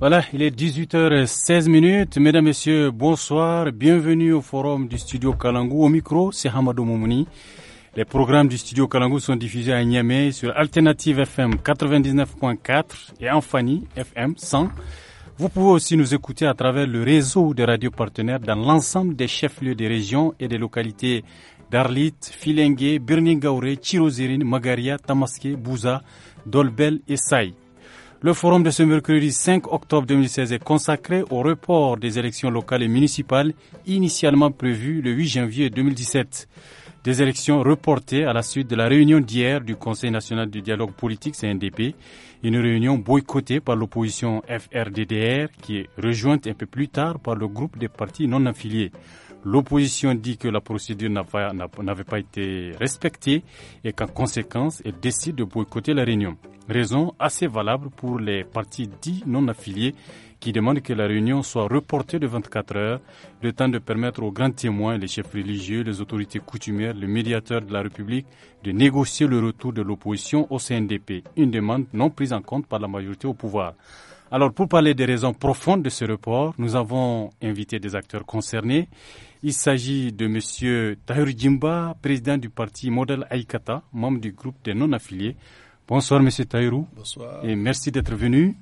Voilà, il est 18h16 minutes. Mesdames, Messieurs, bonsoir. Bienvenue au forum du studio Kalangou. Au micro, c'est Hamadou Moumouni. Les programmes du studio Kalangu sont diffusés à Niamey sur Alternative FM 99.4 et Enfani FM 100. Vous pouvez aussi nous écouter à travers le réseau de radios partenaires dans l'ensemble des chefs-lieux des régions et des localités d'Arlit, Filengue, Birningaure, Tirozerine, Magaria, Tamaské, Bouza, Dolbel et Saï. Le forum de ce mercredi 5 octobre 2016 est consacré au report des élections locales et municipales initialement prévues le 8 janvier 2017. Des élections reportées à la suite de la réunion d'hier du Conseil national du dialogue politique CNDP, une réunion boycottée par l'opposition FRDDR qui est rejointe un peu plus tard par le groupe des partis non affiliés. L'opposition dit que la procédure n'avait pas été respectée et qu'en conséquence, elle décide de boycotter la réunion. Raison assez valable pour les partis dits non affiliés qui demandent que la réunion soit reportée de 24 heures, le temps de permettre aux grands témoins, les chefs religieux, les autorités coutumières, le médiateur de la République de négocier le retour de l'opposition au CNDP, une demande non prise en compte par la majorité au pouvoir. Alors pour parler des raisons profondes de ce report, nous avons invité des acteurs concernés. Il s'agit de M. Tahir Djimba, président du parti Model Aikata, membre du groupe des non-affiliés. Bonsoir, M. Tahirou. Bonsoir. Et merci d'être venu.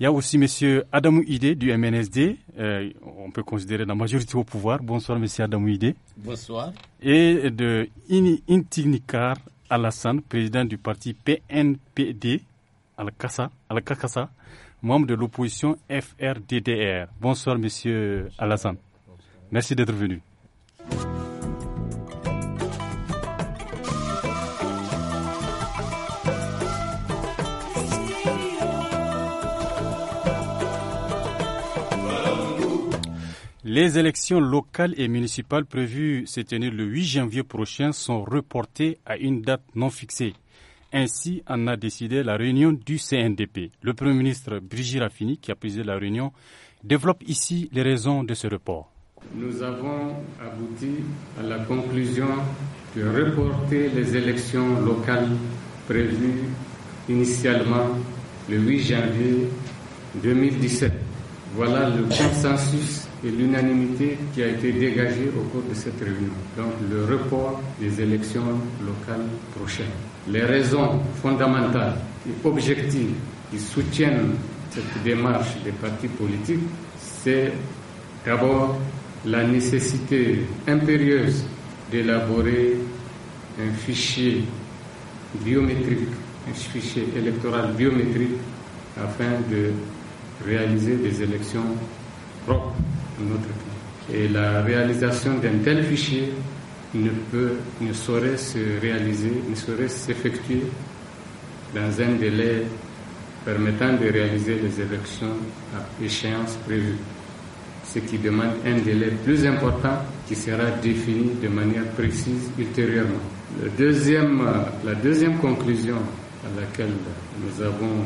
Il y a aussi M. Adamou Ide du MNSD, euh, on peut considérer la majorité au pouvoir. Bonsoir M. Adamou Ide. Bonsoir. Et de Intignikar Alassane, président du parti PNPD Al-Kakassa, membre de l'opposition FRDDR. Bonsoir M. Alassane. Merci d'être venu. Les élections locales et municipales prévues se tenir le 8 janvier prochain sont reportées à une date non fixée. Ainsi en a décidé la réunion du CNDP. Le Premier ministre Brigitte Raffini, qui a présidé la réunion, développe ici les raisons de ce report. Nous avons abouti à la conclusion de reporter les élections locales prévues initialement le 8 janvier 2017. Voilà le consensus et l'unanimité qui a été dégagé au cours de cette réunion. Donc le report des élections locales prochaines. Les raisons fondamentales et objectives qui soutiennent cette démarche des partis politiques, c'est d'abord la nécessité impérieuse d'élaborer un fichier biométrique, un fichier électoral biométrique afin de réaliser des élections propres à notre pays. Et la réalisation d'un tel fichier ne peut, ne saurait se réaliser, ne saurait s'effectuer dans un délai permettant de réaliser les élections à échéance prévue ce qui demande un délai plus important qui sera défini de manière précise ultérieurement. Le deuxième, euh, la deuxième conclusion à laquelle nous avons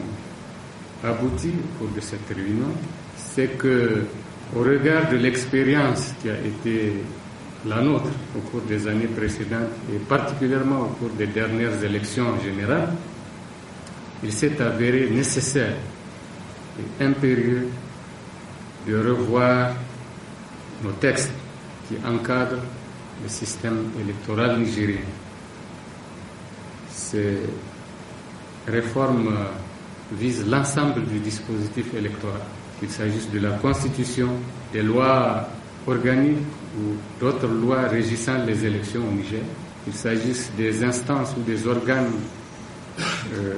abouti au cours de cette réunion, c'est que, au regard de l'expérience qui a été la nôtre au cours des années précédentes et particulièrement au cours des dernières élections générales, il s'est avéré nécessaire et impérieux de revoir nos textes qui encadrent le système électoral nigérien. Ces réformes visent l'ensemble du dispositif électoral, qu'il s'agisse de la Constitution, des lois organiques ou d'autres lois régissant les élections au Niger, qu'il s'agisse des instances ou des organes euh,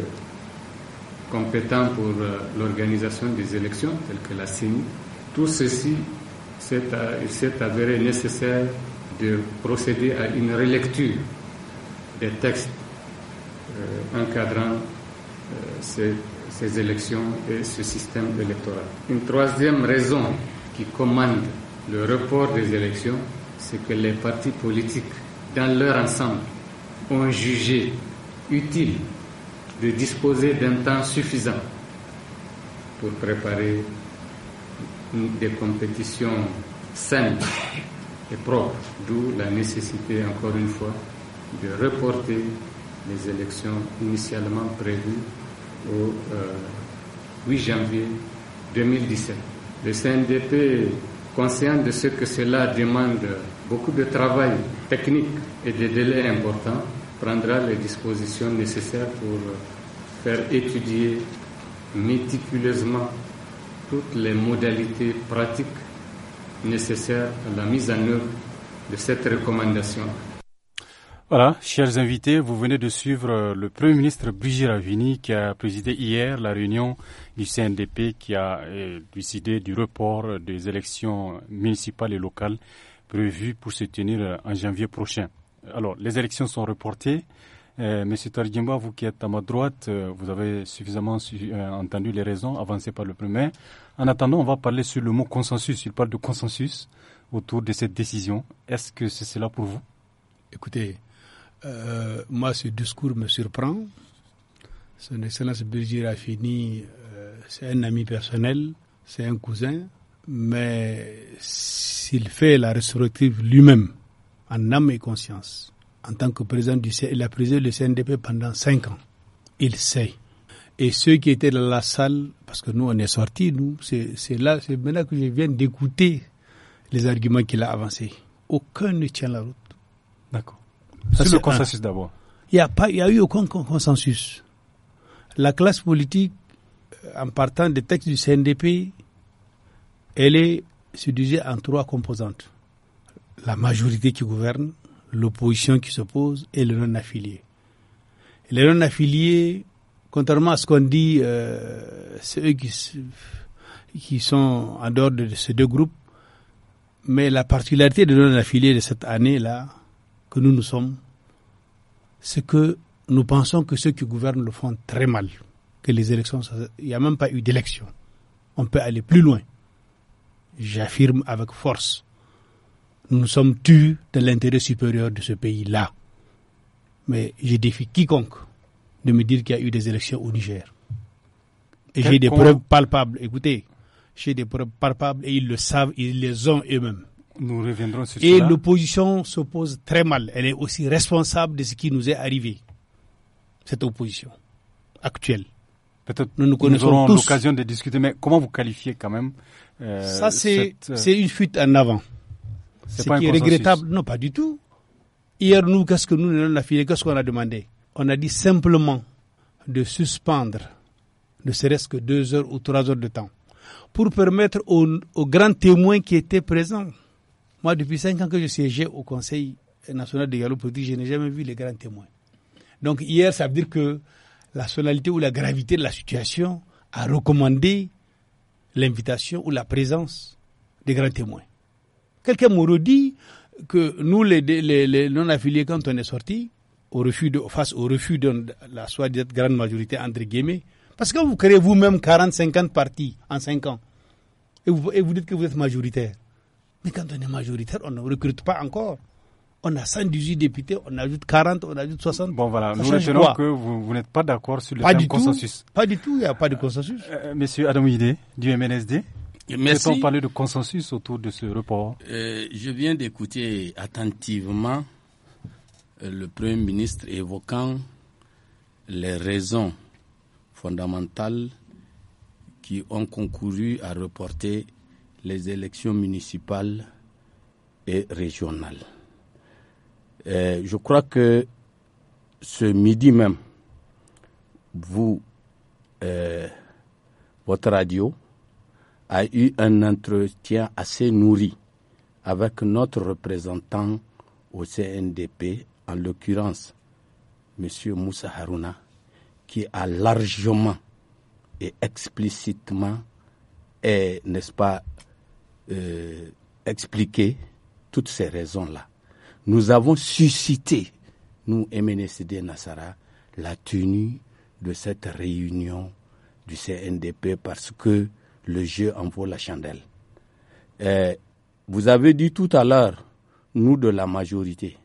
compétents pour euh, l'organisation des élections, telles que la CENI, tout ceci s'est avéré nécessaire de procéder à une relecture des textes euh, encadrant euh, ces élections et ce système électoral. Une troisième raison qui commande le report des élections, c'est que les partis politiques, dans leur ensemble, ont jugé utile de disposer d'un temps suffisant pour préparer des compétitions saines et propres, d'où la nécessité, encore une fois, de reporter les élections initialement prévues au 8 euh, janvier 2017. Le CNDP, conscient de ce que cela demande beaucoup de travail technique et de délais importants, prendra les dispositions nécessaires pour faire étudier méticuleusement toutes les modalités pratiques nécessaires à la mise en œuvre de cette recommandation. Voilà, chers invités, vous venez de suivre euh, le Premier ministre Brigitte Ravini qui a présidé hier la réunion du CNDP qui a euh, décidé du report des élections municipales et locales prévues pour se tenir euh, en janvier prochain. Alors, les élections sont reportées. Euh, Monsieur Tarjimba, vous qui êtes à ma droite, euh, vous avez suffisamment euh, entendu les raisons avancées par le premier. En attendant, on va parler sur le mot consensus. Il parle de consensus autour de cette décision. Est-ce que c'est cela pour vous Écoutez, moi, ce discours me surprend. Son Excellence Birgir a fini. c'est un ami personnel, c'est un cousin, mais s'il fait la résurrective lui-même, en âme et conscience, en tant que président du CNDP, il a présidé le CNDP pendant cinq ans. Il sait. Et ceux qui étaient dans la salle, parce que nous on est sortis, nous, c'est là, c'est maintenant que je viens d'écouter les arguments qu'il a avancés. Aucun ne tient la route. D'accord. C'est le consensus d'abord. Il n'y a pas, il y a eu aucun consensus. La classe politique, euh, en partant des textes du CNDP, elle est subdivisée en trois composantes. La majorité qui gouverne, l'opposition qui s'oppose et le non-affilié. Les non-affiliés, contrairement à ce qu'on dit, euh, c'est eux qui, qui sont en dehors de ces deux groupes, mais la particularité des non-affiliés de cette année-là, que nous nous sommes, c'est que nous pensons que ceux qui gouvernent le font très mal, que les élections, il n'y a même pas eu d'élection. On peut aller plus loin. J'affirme avec force nous sommes tus de l'intérêt supérieur de ce pays-là. Mais je défie quiconque de me dire qu'il y a eu des élections au Niger. Et j'ai des preuves palpables. Écoutez, j'ai des preuves palpables et ils le savent, ils les ont eux-mêmes. Nous reviendrons sur Et l'opposition s'oppose très mal. Elle est aussi responsable de ce qui nous est arrivé. Cette opposition actuelle. Peut-être nous nous aurons l'occasion de discuter, mais comment vous qualifiez quand même euh, Ça, euh, c'est une fuite en avant ce qui est regrettable. Non, pas du tout. Hier, nous, qu'est-ce que nous, Qu'est-ce qu'on a demandé On a dit simplement de suspendre ne serait-ce que deux heures ou trois heures de temps pour permettre aux, grands témoins qui étaient présents. Moi, depuis cinq ans que je siégeais au Conseil national de dialogue politique, je n'ai jamais vu les grands témoins. Donc hier, ça veut dire que la sonalité ou la gravité de la situation a recommandé l'invitation ou la présence des grands témoins. Quelqu'un me redit que nous, les, non-affiliés, quand on est sorti au refus face au refus de la soi-disant grande majorité, entre guillemets, parce que vous créez vous-même 40, 50 partis en 5 ans, et vous, dites que vous êtes majoritaire. Mais quand on est majoritaire, on ne recrute pas encore on a 118 députés, on ajoute 40, on ajoute 60. Bon, voilà, nous retenons que vous, n'êtes pas d'accord sur le pas du consensus. pas du tout, il n'y a pas de consensus. Euh, euh, monsieur Adam du MNSD, Peut-on parler de consensus autour de ce report euh, Je viens d'écouter attentivement euh, le Premier ministre évoquant les raisons fondamentales qui ont concouru à reporter les élections municipales et régionales. Euh, je crois que ce midi même, vous, votre radio, a eu un entretien assez nourri avec notre représentant au CNDP, en l'occurrence M. Moussa Harouna, qui a largement et explicitement, n'est-ce pas, euh, expliqué toutes ces raisons-là. Nous avons suscité, nous, MNCD Nassara, la tenue de cette réunion du CNDP parce que le jeu en vaut la chandelle. Euh, vous avez dit tout à l'heure, nous de la majorité.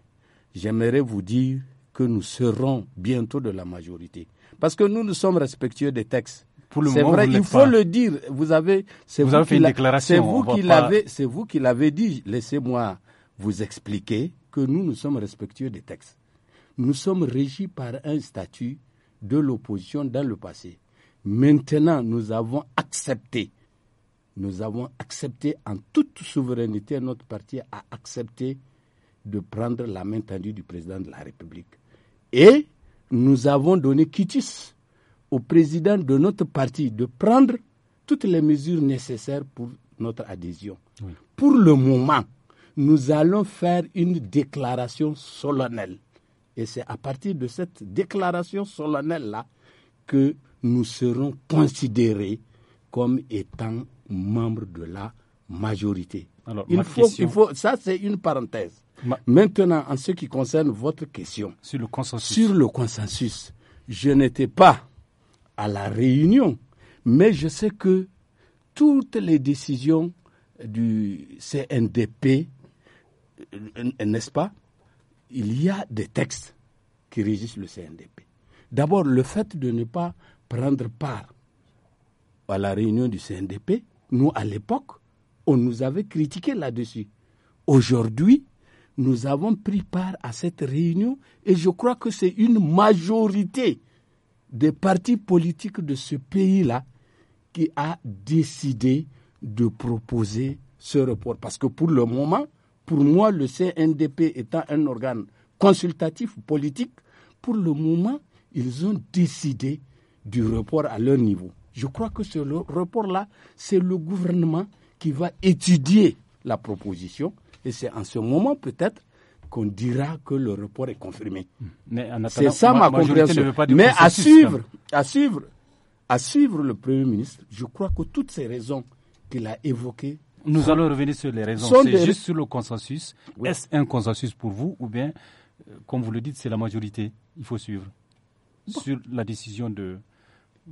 J'aimerais vous dire que nous serons bientôt de la majorité. Parce que nous, nous sommes respectueux des textes. C'est vrai, il faut le dire. Vous avez, fait une déclaration. C'est vous qui l'avez, c'est vous qui l'avez dit. Laissez-moi vous expliquer que nous, nous sommes respectueux des textes. Nous sommes régis par un statut de l'opposition dans le passé. Maintenant, nous avons accepté, nous avons accepté en toute souveraineté, notre parti a accepté de prendre la main tendue du président de la République. Et nous avons donné quitus au président de notre parti de prendre toutes les mesures nécessaires pour notre adhésion. Pour le moment, nous allons faire une déclaration solennelle. Et c'est à partir de cette déclaration solennelle-là que nous serons considérés comme étant membres de la majorité. Alors, ma question... ça c'est une parenthèse. Maintenant, en ce qui concerne votre question sur le consensus, sur le consensus, je n'étais pas à la réunion, mais je sais que toutes les décisions du CNDP, euh, n'est-ce pas, il y a des textes qui régissent le CNDP. D'abord, le fait de ne pas prendre part à la réunion du CNDP, nous, à l'époque, on nous avait critiqué là-dessus. Aujourd'hui, nous avons pris part à cette réunion et je crois que c'est une majorité des partis politiques de ce pays-là qui a décidé de proposer ce report. Parce que pour le moment, pour moi, le CNDP étant un organe consultatif politique, pour le moment, ils ont décidé du report à leur niveau. Je crois que ce report-là, c'est le gouvernement qui va étudier la proposition. Et c'est en ce moment peut-être qu'on dira que le report est confirmé. C'est ça ma, Mais à suivre, hein. à suivre, à suivre le Premier ministre, je crois que toutes ces raisons qu'il a évoquées nous allons revenir sur les raisons. C'est juste sur le consensus. Est-ce un consensus pour vous ou bien, euh, comme vous le dites, c'est la majorité Il faut suivre sur la décision de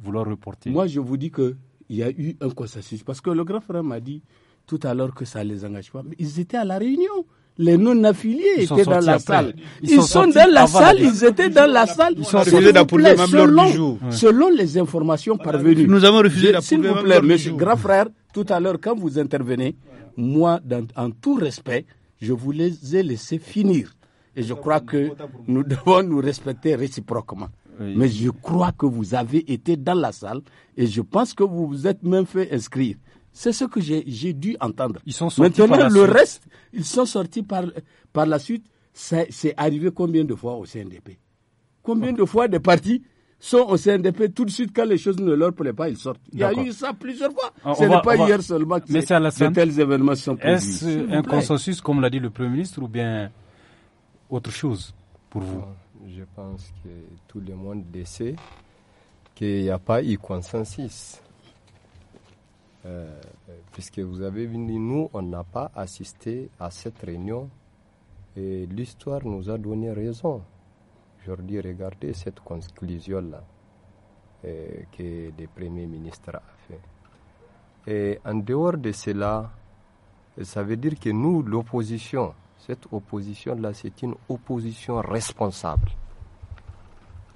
vouloir reporter Moi, je vous dis qu'il y a eu un consensus. Parce que le grand frère m'a dit tout à l'heure que ça les engage pas. Mais ils étaient à la réunion. Les non-affiliés étaient dans la salle. Ils, sont, dans la salle, ils étaient dans la salle. Ils sont refusés d'appeler selon, jour. Selon les informations parvenues. Nous avons refusé d'appeler S'il vous plaît, monsieur grand frère, tout à l'heure, quand vous intervenez, moi, en tout respect, je vous les ai laissés finir. Et je crois que nous devons nous respecter réciproquement. Mais je crois que vous avez été dans la salle et je pense que vous vous êtes même fait inscrire. C'est ce que j'ai dû entendre. Maintenant, le reste, ils sont sortis par, la suite. C'est arrivé combien de fois au CNDP Combien de fois des partis sont au CNDP tout de suite quand les choses ne leur plaisent pas, ils sortent. Il y a eu ça plusieurs fois. Ah, ce n'est pas hier seulement que de tels événements sont Est-ce un consensus, comme l'a dit le Premier ministre, ou bien autre chose pour vous euh, je pense que tout le monde le sait, qu'il n'y a pas eu consensus. Euh, puisque vous avez vu, nous, on n'a pas assisté à cette réunion et l'histoire nous a donné raison. Aujourd'hui, regardez cette conclusion-là euh, que le Premier ministre a fait. Et en dehors de cela, ça veut dire que nous, l'opposition, cette opposition-là, c'est une opposition responsable.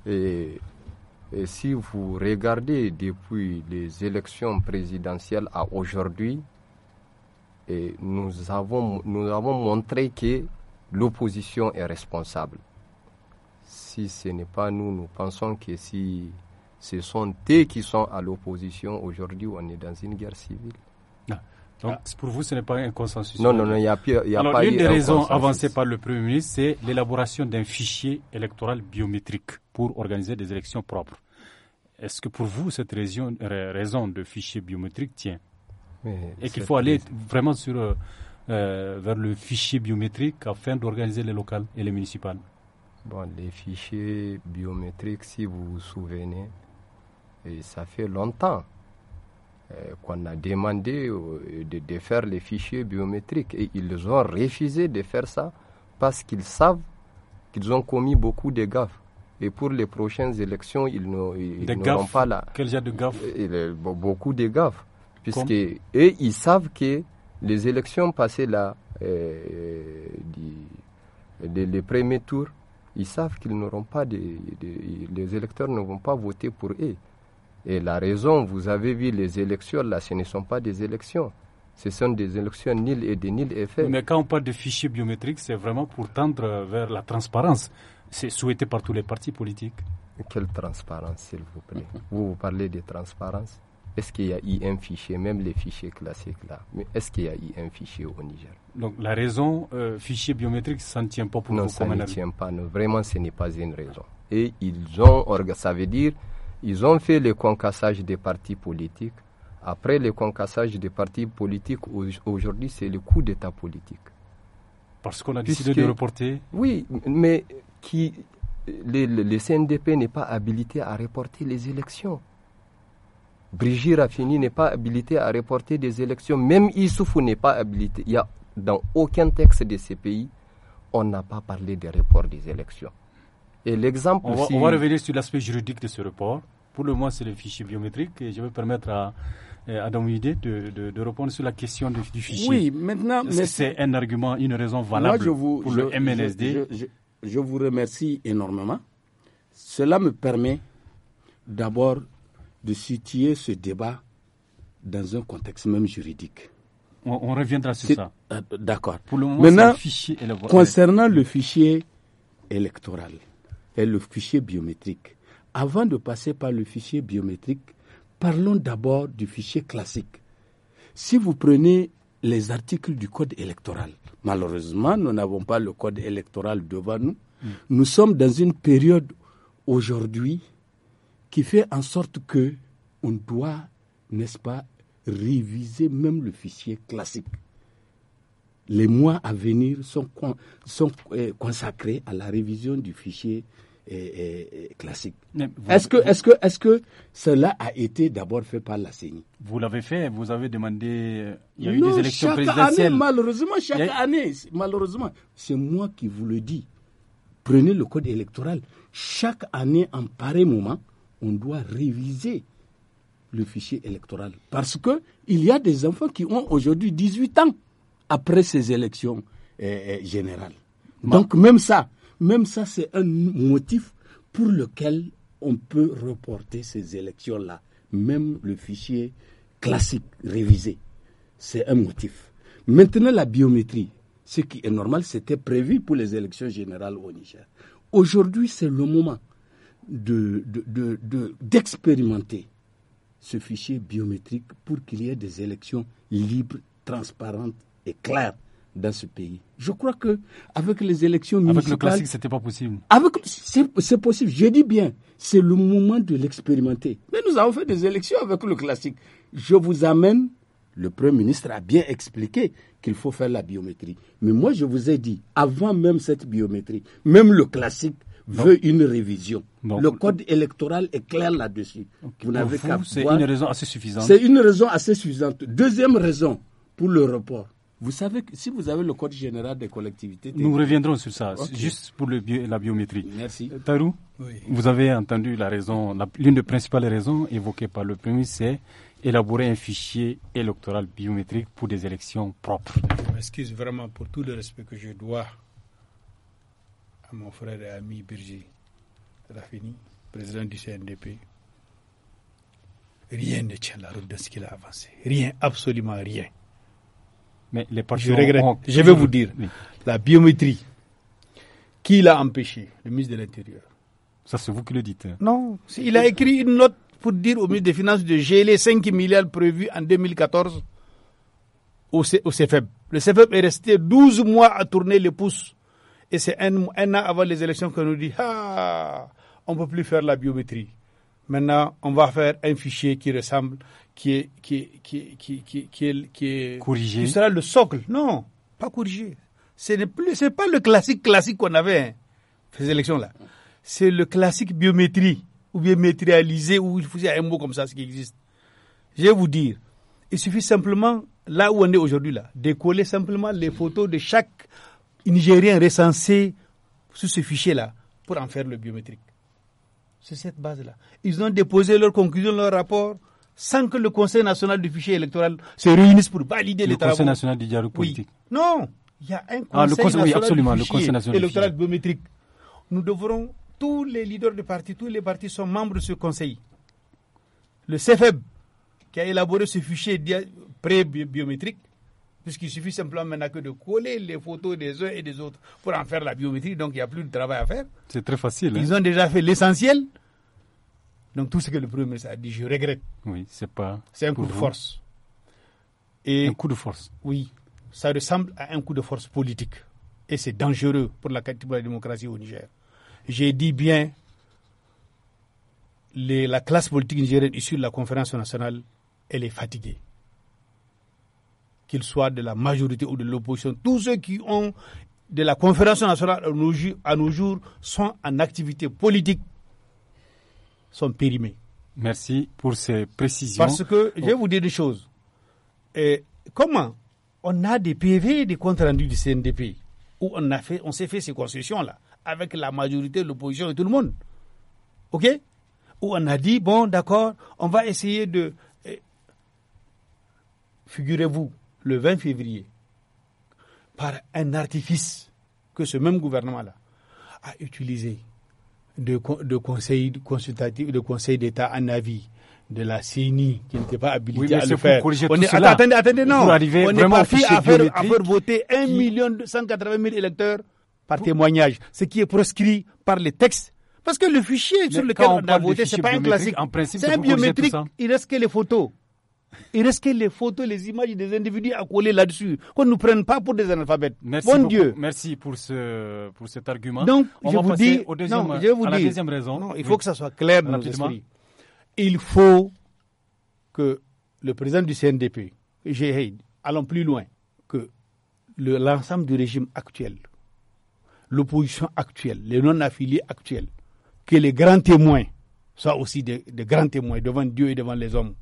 Et, si vous regardez depuis les élections présidentielles à aujourd'hui, nous, avons, nous avons montré que l'opposition est responsable. Si ce n'est pas nous, nous pensons que si ce sont eux qui sont à l'opposition aujourd'hui, on est dans une guerre civile. Donc, ah. pour vous, ce n'est pas un consensus Non, non, non, il n'y a, y a des raisons avancées par le Premier ministre, c'est l'élaboration d'un fichier électoral biométrique pour organiser des élections propres. Est-ce que pour vous, cette raison, raison de fichier biométrique tient Et qu'il faut aller vraiment sur, euh, euh, vers le fichier biométrique afin d'organiser les locales et les municipales Bon, les fichiers biométriques, si vous vous souvenez, ça fait longtemps euh, qu'on a demandé euh, de, faire les fichiers biométriques et ils ont refusé de faire ça parce qu'ils savent qu'ils ont commis beaucoup de gaffes. Et pour les prochaines élections, ils n'auront pas là. Quel genre de gaffes Beaucoup de gaffes. Puisque, et ils savent que les élections passées là, euh, les, premiers tours, ils savent qu'ils n'auront pas les électeurs ne vont pas voter pour eux. Et la raison, vous avez vu les élections, là, ce ne sont pas des élections. Ce sont des élections nil et des nil effets. Mais quand on parle de fichiers biométriques, c'est vraiment pour tendre vers la transparence. C'est souhaité par tous les partis politiques. Quelle transparence, s'il vous plaît Vous, vous parlez de transparence Est-ce qu'il y a eu un fichier, même les fichiers classiques là Mais est-ce qu'il y a eu un fichier au Niger Donc la raison, euh, fichier biométrique, ça ne tient pas pour non, Non, ça ne tient pas. Vraiment, ce n'est pas une raison. Et ils ont, ça veut dire, ils ont fait le concassage des partis politiques. Après le concassage des partis politiques, aujourd'hui, c'est le coup d'État politique. Parce qu'on a décidé de reporter Oui, mais qui, le, CNDP n'est pas habilité à reporter les élections. Brigitte Raffini n'est pas habilité à reporter des élections. Même Issoufou n'est pas habilité. Il y a, dans aucun texte de ces pays, on n'a pas parlé des reports des élections. Et l'exemple. On, on, va revenir sur l'aspect juridique de ce report. Pour le moment, c'est le fichier biométrique et je vais permettre à euh, Adam Hidé de, répondre sur la question du, fichier. Oui, maintenant. C'est un argument, une raison valable pour le MNSD. Je, vous remercie énormément. Cela me permet d'abord de situer ce débat dans un contexte même juridique. On, reviendra sur ça. Euh, d'accord. Pour le moment, Maintenant, fichier concernant le fichier électoral et le fichier biométrique, avant de passer par le fichier biométrique, parlons d'abord du fichier classique. Si vous prenez les articles du Code électoral, malheureusement, nous n'avons pas le Code électoral devant nous. Mm. Nous sommes dans une période aujourd'hui qui fait en sorte que on doit, n'est-ce pas, réviser même le fichier classique. Les mois à venir sont, sont euh, consacrés à la révision du fichier et, classique. Est-ce que, est que, est que cela a été d'abord fait par la CENI Vous l'avez fait, vous avez demandé. Euh, il y a eu des élections présidentielles. malheureusement, chaque année, malheureusement, c'est moi qui vous le dis. Prenez le code électoral. Chaque année, en pareil moment, on doit réviser le fichier électoral parce que il y a des enfants qui ont aujourd'hui 18 ans après ces élections euh, euh, générales. Donc même ça, même ça, c'est un motif pour lequel on peut reporter ces élections-là. Même le fichier classique révisé, c'est un motif. Maintenant, la biométrie, ce qui est normal, c'était prévu pour les élections générales au Niger. Aujourd'hui, c'est le moment d'expérimenter de, ce fichier biométrique pour qu'il y ait des élections libres, transparentes et claires dans ce pays. Je crois que avec les élections municipales, avec le classique, c'était pas possible. c'est possible. Je dis bien, c'est le moment de l'expérimenter. Mais nous avons fait des élections avec le classique. Je vous amène. Le premier ministre a bien expliqué qu'il faut faire la biométrie. Mais moi, je vous ai dit, avant même cette biométrie, même le classique veut une révision. le code électoral est clair là-dessus. Vous C'est une raison assez suffisante. C'est une raison assez suffisante. Deuxième raison pour le report vous savez que si vous avez le code général des collectivités. Nous reviendrons sur ça, juste pour le la biométrie. Merci. Euh, Tarou, vous avez entendu la raison, l'une des principales raisons évoquées par le premier, c'est élaborer un fichier électoral biométrique pour des élections propres. Je m'excuse vraiment pour tout le respect que je dois à mon frère et ami Birgit Rafini président du CNDP. Rien ne tient la route de ce qu'il a avancé. Rien, absolument rien. Mais les Je regrette. Je vais vous dire, la biométrie, qui l'a empêché Le ministre de l'Intérieur. Ça, c'est vous qui le dites. Hein. Non, il a écrit une note pour dire au ministre des Finances de geler 5 milliards prévus en 2014 au, CFEB. Le CFEB est resté 12 mois à tourner le pouce. Et c'est un, an avant les élections qu'on nous dit ah, on ne peut plus faire la biométrie. Maintenant, on va faire un fichier qui ressemble, qui est, qui qui qui, qui, corrigé. Ce sera le socle. Non, pas corrigé. Ce n'est plus, c'est pas le classique classique qu'on avait, hein, ces élections-là. C'est le classique biométrie, ou biométrialisé, ou il faut un mot comme ça, ce qui existe. Je vais vous dire, il suffit simplement, là où on est aujourd'hui, là, de simplement les photos de chaque Nigérien recensé sur ce fichier-là pour en faire le biométrique. C'est cette base-là. Ils ont déposé leurs conclusions, leur rapport, sans que le Conseil national du fichier électoral se réunisse pour valider les travaux. Le Conseil national du dialogue politique. Non, il y a un ah, Conseil, national du fichier électoral biométrique. Nous devrons, tous les leaders de partis, tous les partis sont membres de ce Conseil. Le CFEB, qui a élaboré ce fichier pré-biométrique, puisqu'il suffit simplement maintenant que de coller les photos des uns et des autres pour en faire la biométrie, donc il n'y a plus de travail à faire. C'est très facile. Ils hein. ont déjà fait l'essentiel. Donc tout ce que le Premier ministre a dit, je regrette. Oui, c'est pas. C'est un coup de force. un coup de force. Oui, ça ressemble à un coup de force politique. Et c'est dangereux pour la, la démocratie au Niger. J'ai dit bien, la classe politique nigérienne issue de la conférence nationale, elle est fatiguée qu'ils soient de la majorité ou de l'opposition, tous ceux qui ont de la conférence nationale à nos, jours, sont en activité politique, sont périmés. Merci pour ces précisions. Parce que je vais oh. vous dire des choses. Et comment on a des PV, des comptes rendus du CNDP, où on, a fait, on s'est fait ces concessions-là, avec la majorité, l'opposition et tout le monde. OK Où on a dit, bon, d'accord, on va essayer de. Eh, figurez-vous, le 20 février, par un artifice que ce même gouvernement-là a utilisé de, de conseils consultatifs, de conseil d'État en avis, de la CENI qui n'était pas habilité à le faire. On est, attendez, attendez, non. On est parti à faire, à faire, voter 1 180 000 électeurs par témoignage, ce qui est proscrit par les textes. Parce que le fichier sur lequel on, a voté, ce n'est pas un classique. C'est un biométrique, il reste que les photos. Il reste que les photos, les images des individus à coller là-dessus, qu'on ne nous prenne pas pour des analphabètes. bon Dieu. Merci pour, cet argument. Donc, je, vous dis, non, il faut que ça soit clair dans l'esprit. Il faut que le président du CNDP, Géhaïd, allons plus loin, que l'ensemble du régime actuel, l'opposition actuelle, les non-affiliés actuels, que les grands témoins soient aussi des grands témoins devant Dieu et devant les hommes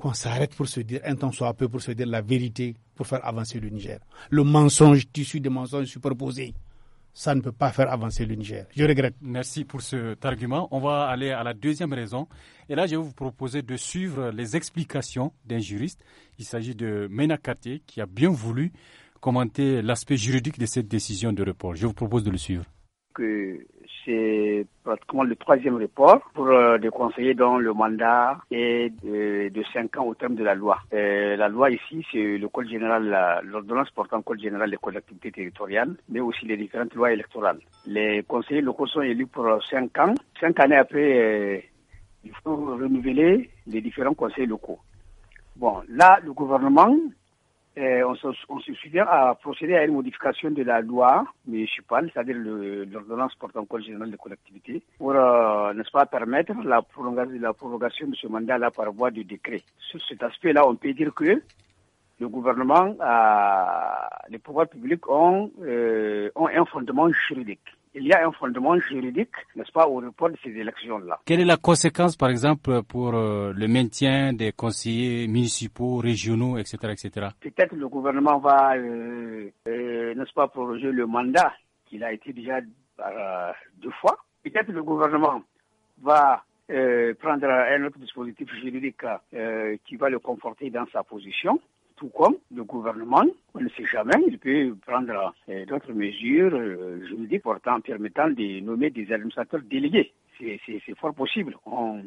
qu'on s'arrête pour se dire, un temps soit peu, pour se dire la vérité, pour faire avancer le Niger. Le mensonge, tissu des mensonges superposés, ça ne peut pas faire avancer le Niger. Je regrette. Merci pour cet argument. On va aller à la deuxième raison. Et là, je vais vous proposer de suivre les explications d'un juriste. Il s'agit de Mena qui a bien voulu commenter l'aspect juridique de cette décision de report. Je vous propose de le suivre. Que c'est pratiquement le troisième report pour euh, des conseillers dont le mandat est de, 5 ans au terme de la loi. Euh, la loi ici, c'est le code général, l'ordonnance portant le code général des collectivités territoriales, mais aussi les différentes lois électorales. Les conseillers locaux sont élus pour 5 euh, ans. Cinq années après, il faut renouveler les différents conseils locaux. Bon, là, le gouvernement euh, on, se, on se souvient à procéder à une modification de la loi municipale, c'est-à-dire l'ordonnance portant code général de collectivité, pour, euh, n'est-ce pas, permettre la prolongation, la prolongation de ce mandat-là par voie de décret. Sur cet aspect-là, on peut dire que le gouvernement, les pouvoirs publics ont, euh, ont un fondement juridique il y a un fondement juridique, n'est-ce pas, au report de ces élections-là. Quelle est la conséquence, par exemple, pour euh, le maintien des conseillers municipaux, régionaux, etc., etc. Peut-être le gouvernement va, euh, euh, n'est-ce pas, proroger le mandat qu'il a été déjà deux fois. Peut-être le gouvernement va prendre un autre dispositif juridique qui va le conforter dans sa position tout comme le gouvernement, on ne sait jamais, il peut prendre euh, d'autres mesures, euh, je le dis, pourtant, permettant de nommer des administrateurs délégués c'est fort possible. On,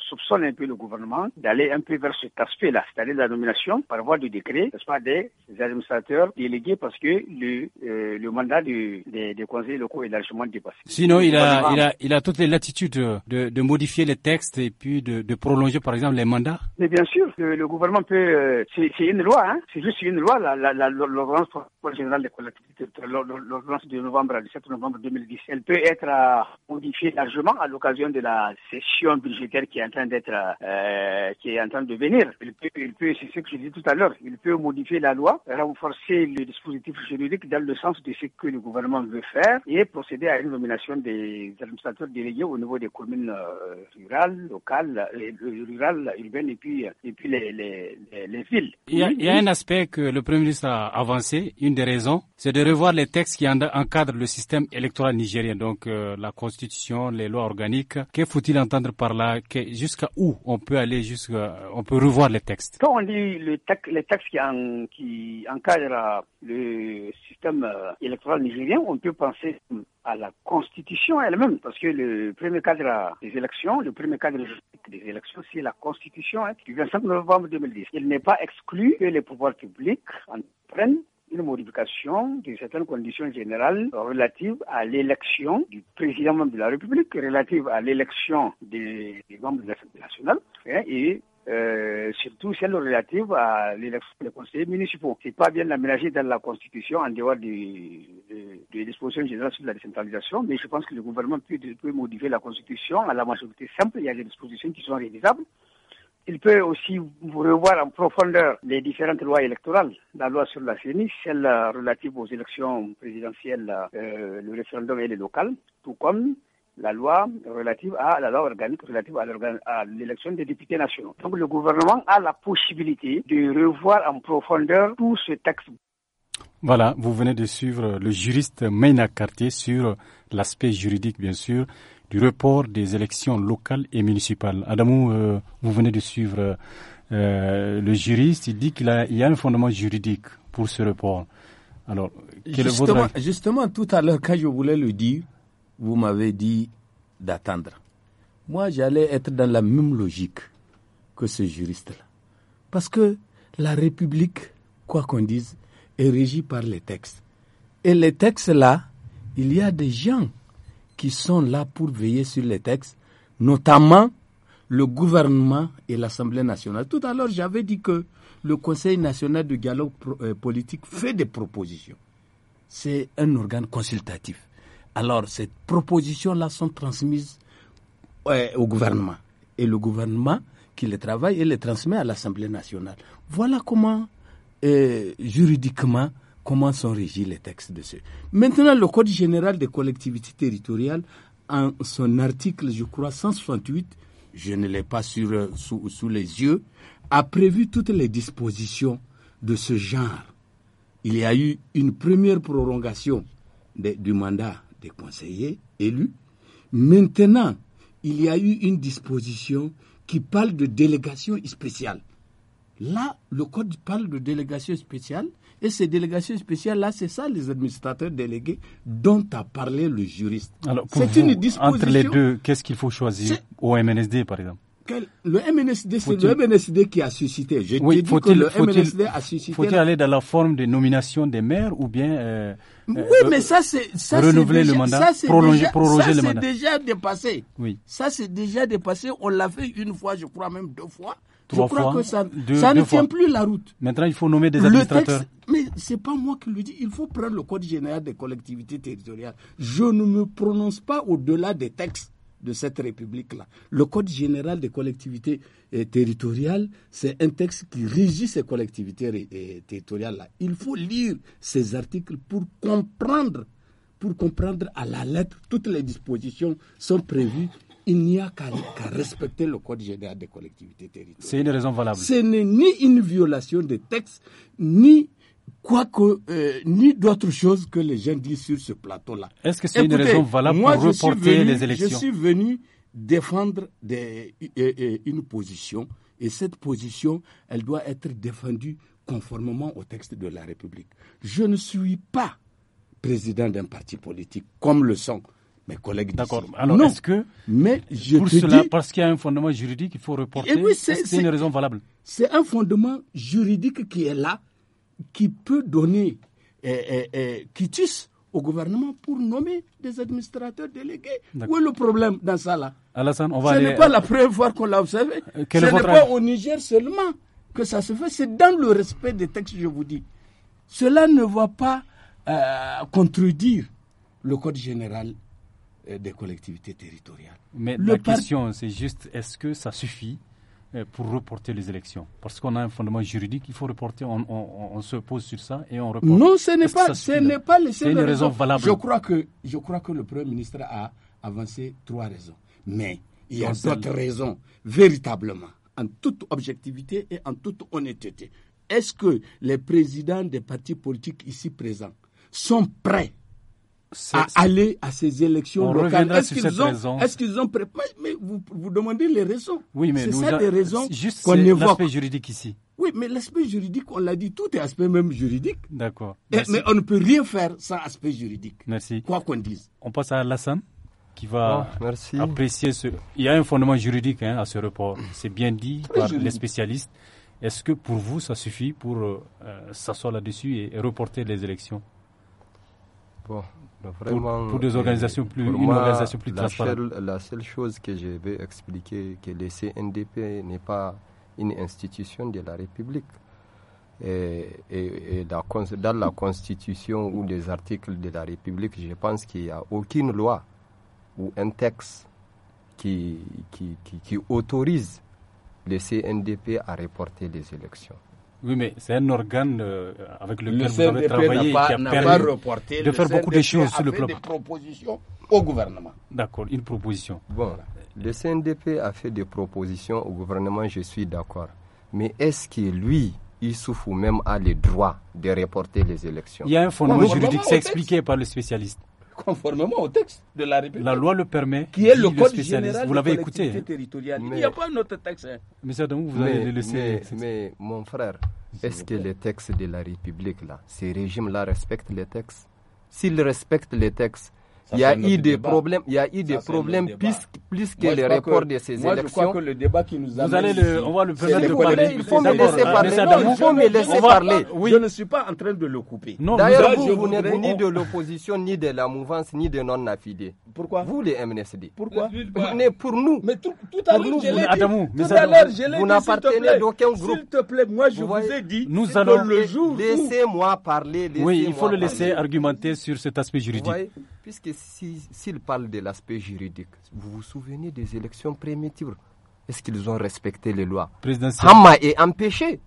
soupçonne un peu le gouvernement d'aller un peu vers cet aspect-là, c'est-à-dire la nomination par voie de décret, soit des administrateurs délégués parce que le, euh, mandat du, des, des, locaux est largement dépassé. Sinon, il a, il a, toutes les latitudes de, modifier les textes et puis de, prolonger, par exemple, les mandats. Mais bien sûr, le, le gouvernement peut. Euh, c'est une loi, hein. c'est juste une loi, l'ordonnance générale de de novembre, le 7 novembre 2010, elle peut être euh, modifiée largement à l'occasion de la session budgétaire qui est en train d'être, euh, qui est en train de venir. Il peut, c'est ce que je dis tout à l'heure, il peut modifier la loi, renforcer le dispositif juridique dans le sens de ce que le gouvernement veut faire et procéder à une nomination des administrateurs délégués au niveau des communes euh, rurales, locales, euh, rurales, urbaines et puis, et puis les, les, villes. il y a un aspect que le Premier ministre a avancé, une des raisons c'est de revoir les textes qui encadrent le système électoral nigérien, donc euh, la constitution, les lois organiques. Que faut-il entendre par là Jusqu'à où on peut aller jusqu'à, euh, On peut revoir les textes Quand on lit les textes qui, encadrent le système euh, électoral nigérien, on peut penser à la Constitution elle-même, parce que le premier cadre des élections, le premier cadre des élections, c'est la Constitution hein, du 25 novembre 2010. Il n'est pas exclu que les pouvoirs publics en prennent une modification de certaines conditions générales relatives à l'élection du président de la République, relatives à l'élection des, membres de l'Assemblée nationale hein, et euh, surtout celle relative à l'élection des conseillers municipaux. n'est pas bien aménagé dans la Constitution en dehors des, dispositions générales sur la décentralisation, mais je pense que le gouvernement peut, modifier la Constitution à la majorité simple. Il y a des dispositions qui sont réalisables. Il peut aussi revoir en profondeur les différentes lois électorales. La loi sur la CENI, celle relative aux élections présidentielles, euh, le référendum et les locales, tout comme la loi relative à la loi organique relative à l'élection des députés nationaux. Donc le gouvernement a la possibilité de revoir en profondeur tout ce texte. Voilà, vous venez de suivre le juriste Meina Cartier sur l'aspect juridique, bien sûr, du report des élections locales et municipales. Adamou, euh, vous venez de suivre euh, le juriste, il dit qu'il y a un fondement juridique pour ce report. Alors, justement, justement, tout à l'heure, quand je voulais le dire, vous m'avez dit d'attendre. Moi, j'allais être dans la même logique que ce juriste-là. Parce que la République, quoi qu'on dise, est régie par les textes. Et les textes-là, il y a des gens qui sont là pour veiller sur les textes, notamment le gouvernement et l'Assemblée nationale. Tout à l'heure, j'avais dit que le Conseil national de dialogue euh, politique fait des propositions. C'est un organe consultatif. Alors, ces propositions-là sont transmises euh, au gouvernement. Et le gouvernement qui les travaille et les transmet à l'Assemblée nationale. Voilà comment, euh, juridiquement, comment sont régis les textes de ce. Maintenant, le Code général des collectivités territoriales, en son article, je crois, 168, je ne l'ai pas sur, euh, sous, les yeux, a prévu toutes les dispositions de ce genre. Il y a eu une première prolongation du mandat des conseillers élus. Maintenant, il y a eu une disposition qui parle de délégation spéciale. Là, le Code parle de délégation spéciale et ces délégations spéciales-là, c'est ça les administrateurs délégués dont a parlé le juriste. Alors, pour Entre les deux, qu'est-ce qu'il faut choisir au MNSD, par exemple le MNSD, c'est le MNSD qui a suscité. Je oui, faut que le Faut-il aller dans la forme de nomination des maires ou bien euh, euh, ça, c'est. Renouveler le mandat, prolonger, déjà, le mandat. c'est déjà dépassé. Ça, c'est déjà dépassé. On l'a fait une fois, je crois même deux fois je crois que ça, ne tient plus la route. Maintenant, il faut nommer des administrateurs. mais ce n'est pas moi qui le dis. Il faut prendre le Code général des collectivités territoriales. Je ne me prononce pas au-delà des textes de cette République-là. Le Code général des collectivités eh, territoriales, c'est un texte qui régit ces collectivités eh, territoriales-là. Il faut lire ces articles pour comprendre, pour comprendre à la lettre toutes les dispositions sont prévues il n'y a qu'à respecter le code général des collectivités territoriales. C'est une raison valable. Ce n'est ni une violation des textes, ni quoi que, euh, ni d'autre chose que les gens disent sur ce plateau-là. Est-ce que c'est une raison valable pour reporter les élections Je suis venu défendre euh, euh, une position, et cette position, elle doit être défendue conformément au texte de la République. Je ne suis pas président d'un parti politique, comme le sont collègues D'accord. Alors, est-ce que. Mais je te parce qu'il y a un fondement juridique, il faut reporter. Eh oui, c'est, une raison valable. C'est un fondement juridique qui est là, qui peut donner et eh, eh, eh au gouvernement pour nommer des administrateurs délégués. Où est le problème dans ça là Alassane, on va Ce n'est pas la première fois qu'on l'a observé. Euh, Ce n'est pas au Niger seulement que ça se fait. C'est dans le respect des textes, je vous dis. Cela ne va pas euh, contredire le Code général euh, des collectivités territoriales. Mais la question, c'est juste, est-ce que ça suffit euh, pour reporter les élections Parce qu'on a un fondement juridique, il faut reporter, on, se pose sur ça et on reporte. Non, ce n'est pas, ce n'est pas le seul raison, valable. Je crois que, je crois que le Premier ministre a avancé trois raisons. Mais il y a d'autres raisons, véritablement, en toute objectivité et en toute honnêteté. Est-ce que les présidents des partis politiques ici présents sont prêts à aller à ces élections locales. Est-ce qu'ils ont, est-ce qu'ils ont préparé Mais vous, vous demandez les raisons. Oui, mais c'est ça des raisons qu'on évoque. L'aspect juridique ici. Oui, mais l'aspect juridique, on l'a dit, tout est aspect même juridique. D'accord. Mais on ne peut rien faire sans aspect juridique. Merci. Quoi qu'on dise. On passe à Alassane, qui va ah, apprécier ce. Il y a un fondement juridique hein, à ce report. C'est bien dit par les spécialistes. Est-ce que pour vous, ça suffit pour ça euh, euh, s'asseoir là-dessus et, et reporter les élections Bon, pour, des euh, organisations plus, une plus la Seule, la seule chose que je vais expliquer, que le CNDP n'est pas une institution de la République. Et, dans la Constitution ou les articles de la République, je pense qu'il n'y a aucune loi ou un texte qui, qui autorise le CNDP à reporter les élections. Oui, mais c'est un organe euh, avec lequel vous avez travaillé qui reporté, de faire beaucoup de choses sur le plan. des propositions au gouvernement. D'accord, une proposition. Bon, le CNDP a fait des propositions au gouvernement, je suis d'accord. Mais est-ce que lui, il souffre même a les droits de reporter les élections Il y a un fondement juridique, c'est expliqué par le spécialiste conformément au texte de la République. La loi le permet. Qui est le code vous l'avez écouté. Hein. Mais, Il n'y a pas un autre texte. Hein. Monsieur vous mais, Mais, mon frère, est-ce que les textes de la République, là, ces régimes-là respectent les textes S'ils respectent les textes, il y a eu des problèmes, il y a eu des problèmes plus, plus que les rapports de ces moi élections. Je crois que le débat qui nous vous allez le, on va le permettre de parler. Il faut me laisser parler. il faut me laisser parler. Je ne suis pas en train de le couper. D'ailleurs, vous, n'êtes ni de l'opposition, ni de la mouvance, ni de non affidés Pourquoi Vous, les MNSD. Pourquoi Vous n'êtes pour nous. Mais tout à l'heure, je l'ai dit. Vous n'appartenez d'aucun groupe. S'il te plaît, moi, je vous ai dit. Nous allons le jour. Laissez-moi parler. Oui, il faut le laisser argumenter sur cet aspect juridique. Puisque s'il parle de l'aspect juridique, vous vous souvenez des élections primitives Est-ce qu'ils ont respecté les lois Hamma est empêché.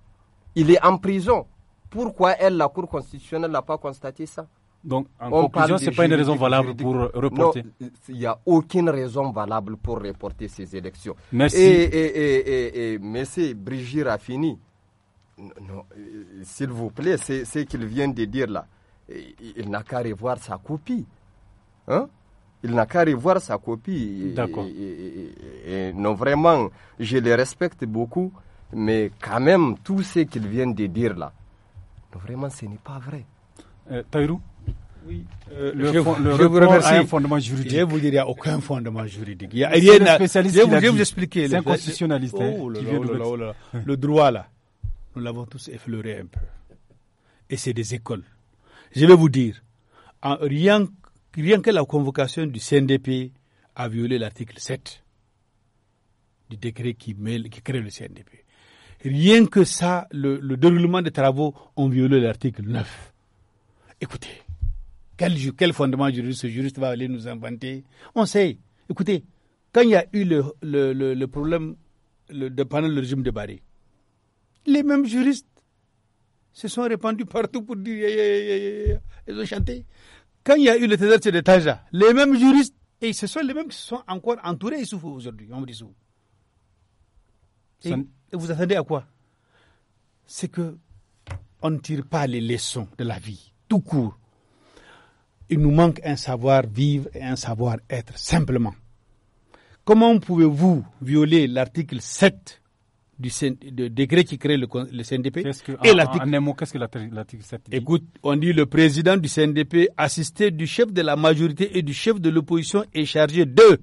Il est en prison. Pourquoi elle, la Cour constitutionnelle, n'a pas constaté ça donc, en conclusion, ce n'est pas une raison valable pour euh, reporter. il n'y a aucune raison valable pour reporter ces élections. Merci. Et, et, et, et Brigitte a fini. Euh, s'il vous plaît, c'est ce qu'il vient de dire là. Il n'a qu'à revoir sa copie. Hein? Il n'a qu'à revoir sa copie. D'accord. non, vraiment, je le respecte beaucoup, mais quand même, tout ce qu'il vient de dire là, non, vraiment, ce n'est pas vrai. Euh, Taïrou oui, euh, euh, le je, le vous remercie. Un fondement juridique. vous il n'y a aucun fondement juridique. Il y a rien je, vais vous expliquer. C'est un constitutionnaliste. Le droit, là, nous l'avons tous effleuré un peu. Et c'est des écoles. Je vais vous dire, en rien rien que la convocation du CNDP a violé l'article 7 du décret qui, crée le CNDP. Rien que ça, le, déroulement des travaux ont violé l'article 9. Écoutez, quel, fondement juridique ce juriste va aller nous inventer On sait. Écoutez, quand il y a eu le, problème de pendant le régime de Barry, les mêmes juristes se sont répandus partout pour dire ils ont chanté quand il y a eu le désert de Taja, les mêmes juristes, et ce sont les mêmes qui sont encore entourés souffrent aujourd'hui, et, et vous attendez à quoi C'est que on ne tire pas les leçons de la vie, tout court. Il nous manque un savoir-vivre et un savoir-être, simplement. Comment pouvez-vous violer l'article 7 du décret qui crée le, CNDP. et en, qu'est-ce que l'article 7 dit Écoute, on dit le président du CNDP, assisté du chef de la majorité et du chef de l'opposition, est chargé de.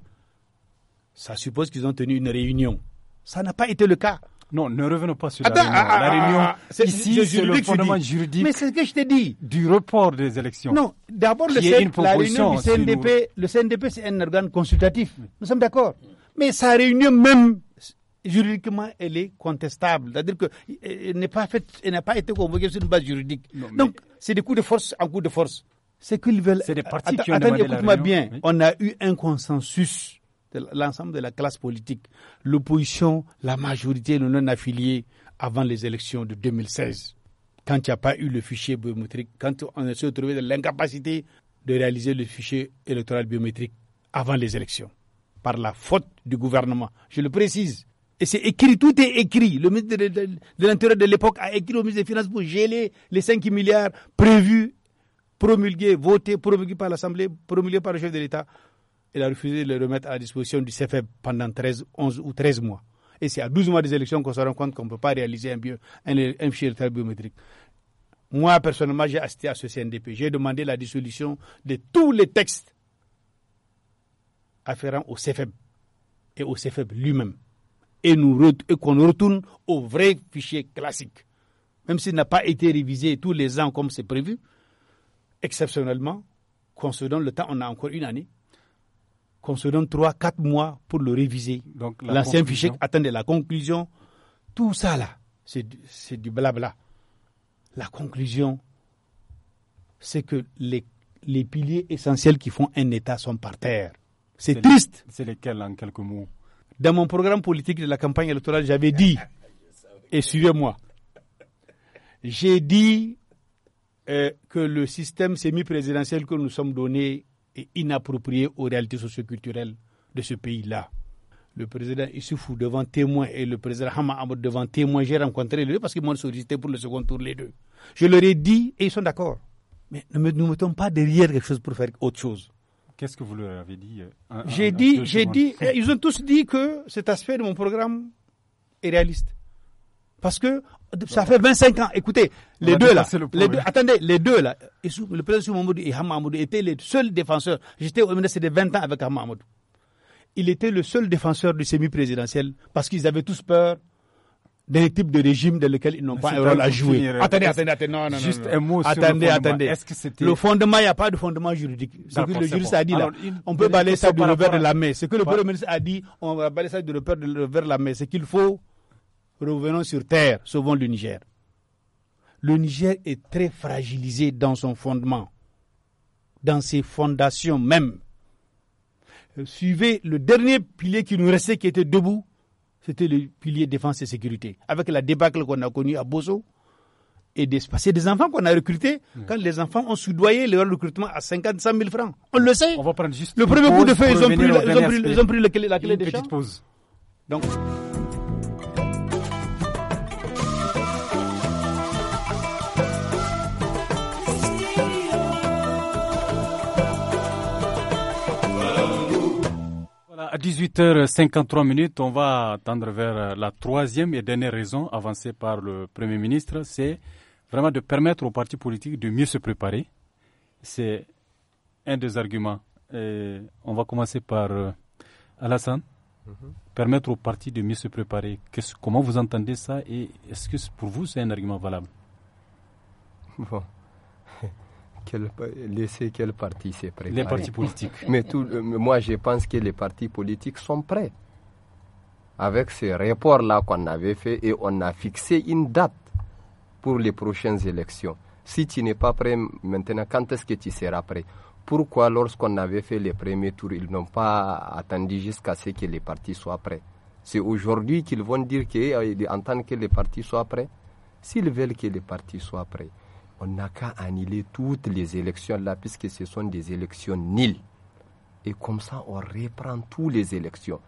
Ça suppose qu'ils ont tenu une réunion. Ça n'a pas été le cas. Non, ne revenons pas sur la réunion. Ah, ah, ah, ici, c'est le fondement juridique. Mais ce que je te dis Du report des élections. Non, d'abord, le, CNDP, le CNDP, c'est un organe consultatif. Nous sommes d'accord. Mais sa réunion même juridiquement, elle est contestable. C'est-à-dire qu'elle euh, n'a pas, n'a pas été convoquée sur une base juridique. Donc, c'est des coups de force en coups de force. C'est qu'ils veulent. des partis qui ont écoute-moi bien. On a eu un consensus de l'ensemble de la classe politique, l'opposition, la majorité, le non-affilié, avant les élections de 2016. Quand il n'y a pas eu le fichier biométrique, quand on s'est retrouvé dans l'incapacité de réaliser le fichier électoral biométrique avant les élections, par la faute du gouvernement. Je le précise, et c'est écrit, tout est écrit. Le ministre de, l'Intérieur de l'époque a écrit au ministre des Finances pour geler les 5 milliards prévus, promulgués, votés, promulgués par l'Assemblée, promulgués par le chef de l'État. Il a refusé de le remettre à disposition du CFEB pendant 13, 11 ou 13 mois. Et c'est à 12 mois des élections qu'on se rend compte qu'on ne peut pas réaliser un, fichier électoral biométrique. Moi, personnellement, j'ai assisté à ce CNDP. J'ai demandé la dissolution de tous les textes afférents au CFEB et au CFEB lui-même et, nous, et qu'on retourne au vrai fichier classique. Même s'il n'a pas été révisé tous les ans comme c'est prévu, exceptionnellement, qu'on se donne le temps, on a encore une année, qu'on se donne trois, quatre mois pour le réviser. Donc l'ancien fichier fichier, attendait la conclusion, tout ça là, c'est du blabla. La conclusion, c'est que les, les piliers essentiels qui font un État sont par terre. C'est triste. C'est lesquels en quelques mots dans mon programme politique de la campagne électorale, j'avais dit, et suivez-moi, j'ai dit euh, que le système semi-présidentiel que nous sommes donné est inapproprié aux réalités socioculturelles de ce pays-là. Le président Issoufou devant témoin et le président Hama devant témoin, j'ai rencontré les deux parce qu'ils m'ont sollicité pour le second tour, les deux. Je leur ai dit et ils sont d'accord. Mais ne nous mettons pas derrière quelque chose pour faire autre chose. Qu'est-ce que vous leur avez dit euh, J'ai dit, j'ai dit, ils ont tous dit que cet aspect de mon programme est réaliste. Parce que ça fait 25 ans. Écoutez, les deux là, attendez, les deux là, le président Mahmoud et Hamamoudou étaient les seuls défenseurs. J'étais au ministère de 20 ans avec Hamamoudou. Il était le seul défenseur du semi-présidentiel parce qu'ils avaient tous peur des types de régimes dans lesquels ils n'ont pas un rôle à jouer. Hein. attendez, attendez, attendez, non, non, Juste un mot attendez, sur le fondement. Attendez. c'était le fondement, il n'y a pas de fondement juridique. Ce que le juriste a dit là, on peut balayer ça du revers de la main. Ce que le premier ministre a dit, on va balayer ça du revers de la main. C'est qu'il faut revenons sur terre, sauvons le Niger. Le Niger est très fragilisé dans son fondement, dans ses fondations même. Euh, suivez le dernier pilier qui nous restait qui était debout, c'était le pilier défense et sécurité. Avec la débâcle qu'on a connue à Bozo, et des, c'est des enfants qu'on a recrutés. Quand les enfants ont soudoyé leur recrutement à 50, 100 000 francs, on le sait. On va prendre juste le premier coup de feu, ils ont pris, la, ils ont pris, ils la clé, des champs. Pause. Donc. À 18h53 minutes, on va attendre vers la troisième et dernière raison avancée par le Premier ministre, c'est vraiment de permettre aux partis politiques de mieux se préparer. C'est un des arguments. Et on va commencer par euh, Alassane. Mhm. Permettre aux partis de mieux se préparer. comment vous entendez ça et est-ce que pour vous c'est un argument valable Bon laisser quel parti s'est préparé. Les partis politiques. Mais tout, euh, moi, je pense que les partis politiques sont prêts. Avec ce rapports-là qu'on avait fait et on a fixé une date pour les prochaines élections. Si tu n'es pas prêt maintenant, quand est-ce que tu seras prêt Pourquoi lorsqu'on avait fait les premiers tours, ils n'ont pas attendu jusqu'à ce que les partis soient prêts C'est aujourd'hui qu'ils vont dire qu'ils euh, entendent que les partis soient prêts. S'ils veulent que les partis soient prêts, on n'a qu'à annuler toutes les élections là, puisque ce sont des élections nulles. Et comme ça, on reprend toutes les élections.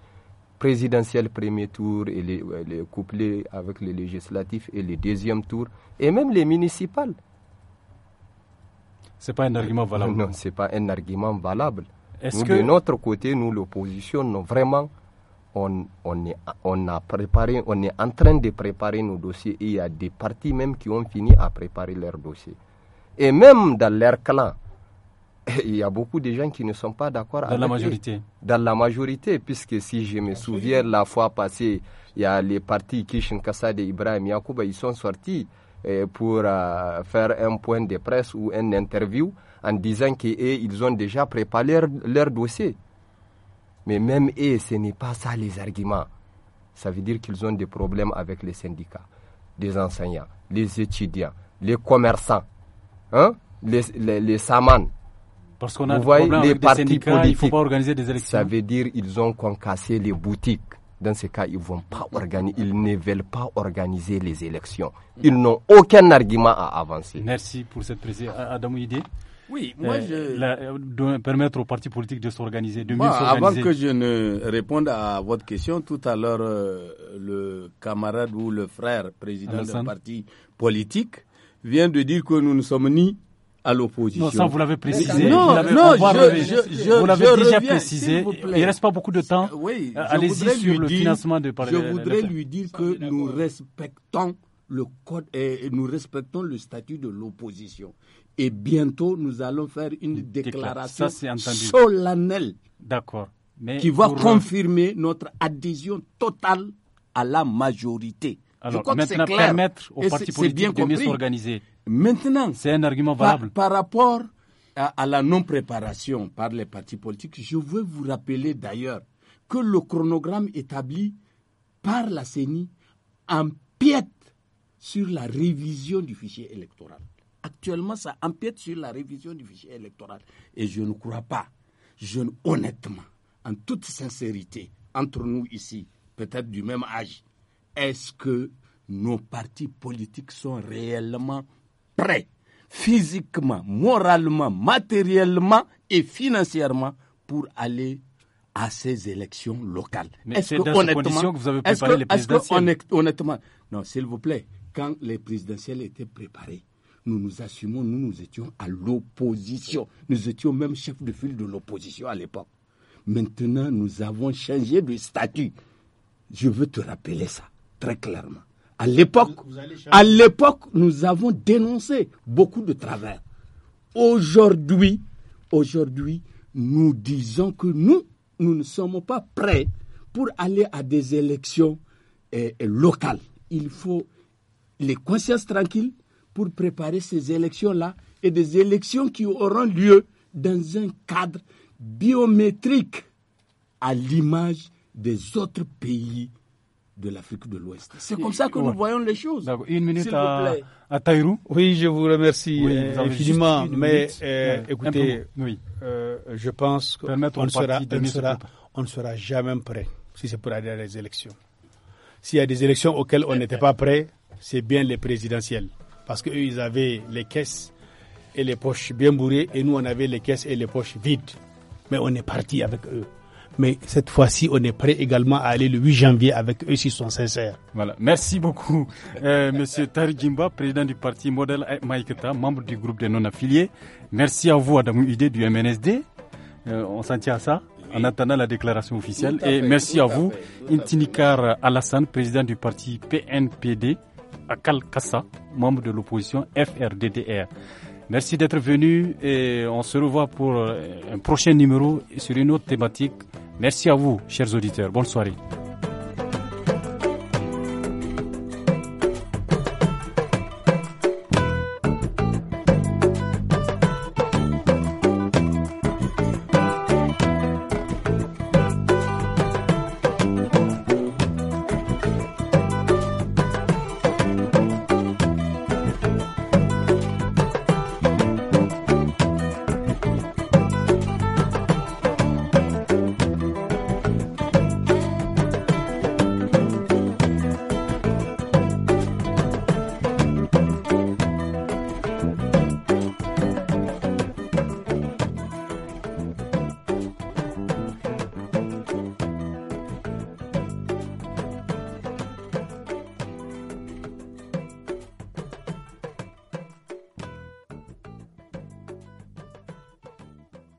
Présidentielle, premier tour, et les, avec les législatifs, et le deuxième tour, et même les municipales. C'est pas un argument valable. Non, ce n'est pas un argument valable. de notre côté, nous, l'opposition, vraiment, on, on, est, a préparé, on est en train de préparer nos dossiers et il y a des partis même qui ont fini à préparer leurs dossiers. Et même dans leur clan, il y a beaucoup de gens qui ne sont pas d'accord avec la majorité. Dans la majorité, puisque si je me souviens, la fois passée, il y a les partis Kishin Kassad et Ibrahim Yakouba, ils sont sortis eh, pour euh, faire un point de presse ou une interview en disant qu'ils eh, ont déjà préparé leurs leur dossier. Mais même eux, ce n'est pas ça les arguments. Ça veut dire qu'ils ont des problèmes avec les syndicats, les enseignants, les étudiants, les commerçants, hein? les, les, les samans. Parce qu'on a Vous voyez, les partis politiques, il faut pas organiser des élections. Ça veut dire qu'ils ont concassé les boutiques. Dans ce cas, ils, vont pas ils ne veulent pas organiser les élections. Ils n'ont aucun argument à avancer. Merci pour cette précision. Adam oui, euh, moi je... permettre aux partis politiques de s'organiser, de Avant que je ne réponde à votre question, tout à l'heure, euh, le camarade ou le frère président d'un parti politique vient de dire que nous ne sommes ni à l'opposition. Non, ça vous l'avez précisé. Non, l'avez déjà précisé. Il reste pas beaucoup de temps. Oui, Allez-y sur le financement de Je voudrais lui dire que nous respectons le code et nous respectons le statut de l'opposition. Et bientôt, nous allons faire une déclaration solennelle D'accord. qui va confirmer notre adhésion totale à la majorité. Alors, Je crois maintenant, permettre aux partis politiques de s'organiser. Maintenant, c'est un argument valable. Par, rapport à, à la non-préparation par les partis politiques, je veux vous rappeler d'ailleurs que le chronogramme établi par la CENI empiète sur la révision du fichier électoral actuellement, ça empiète sur la révision du fichier électoral. Et je ne crois pas, je, honnêtement, en toute sincérité, entre nous ici, peut-être du même âge, est-ce que nos partis politiques sont réellement prêts, physiquement, moralement, matériellement et financièrement, pour aller à ces élections locales. est -ce dans ces que vous avez préparé les présidentielles. honnêtement, non, s'il vous plaît, quand les présidentielles étaient préparées, nous nous assumons, nous, nous étions à l'opposition. Nous étions même chef de file de l'opposition à l'époque. Maintenant, nous avons changé de statut. Je veux te rappeler ça, très clairement. À l'époque, à l'époque, nous avons dénoncé beaucoup de travers. Aujourd'hui, aujourd'hui, nous disons que nous, nous ne sommes pas prêts pour aller à des élections eh, eh, locales. Il faut les consciences tranquilles, pour préparer ces élections-là et des élections qui auront lieu dans un cadre biométrique à l'image des autres pays de l'Afrique de l'Ouest. C'est comme ça que nous voyons les choses. Une minute à, à Taïrou. Oui, je vous remercie euh, infiniment. Mais euh, écoutez, euh, je pense qu'on ne sera, on sera jamais prêt si c'est pour aller à des élections. S'il y a des élections auxquelles on n'était pas prêt, c'est bien les présidentielles. Parce qu'eux, ils avaient les caisses et les poches bien bourrées, et nous, on avait les caisses et les poches vides. Mais on est parti avec eux. Mais cette fois-ci, on est prêt également à aller le 8 janvier avec eux s'ils sont sincères. Voilà. Merci beaucoup, M. Euh, Monsieur Tarjimba, président du parti Modèle Maïketa, membre du groupe des non-affiliés. Merci à vous, Adam du MNSD. Euh, on s'en tient à ça en attendant la déclaration officielle. et merci à vous, Intinikar Alassane, président du parti PNPD. Akal Kassa, membre de l'opposition FRDDR. Merci d'être venu et on se revoit pour euh, un prochain numéro sur une autre thématique. Merci à vous, chers auditeurs. Bonne soirée.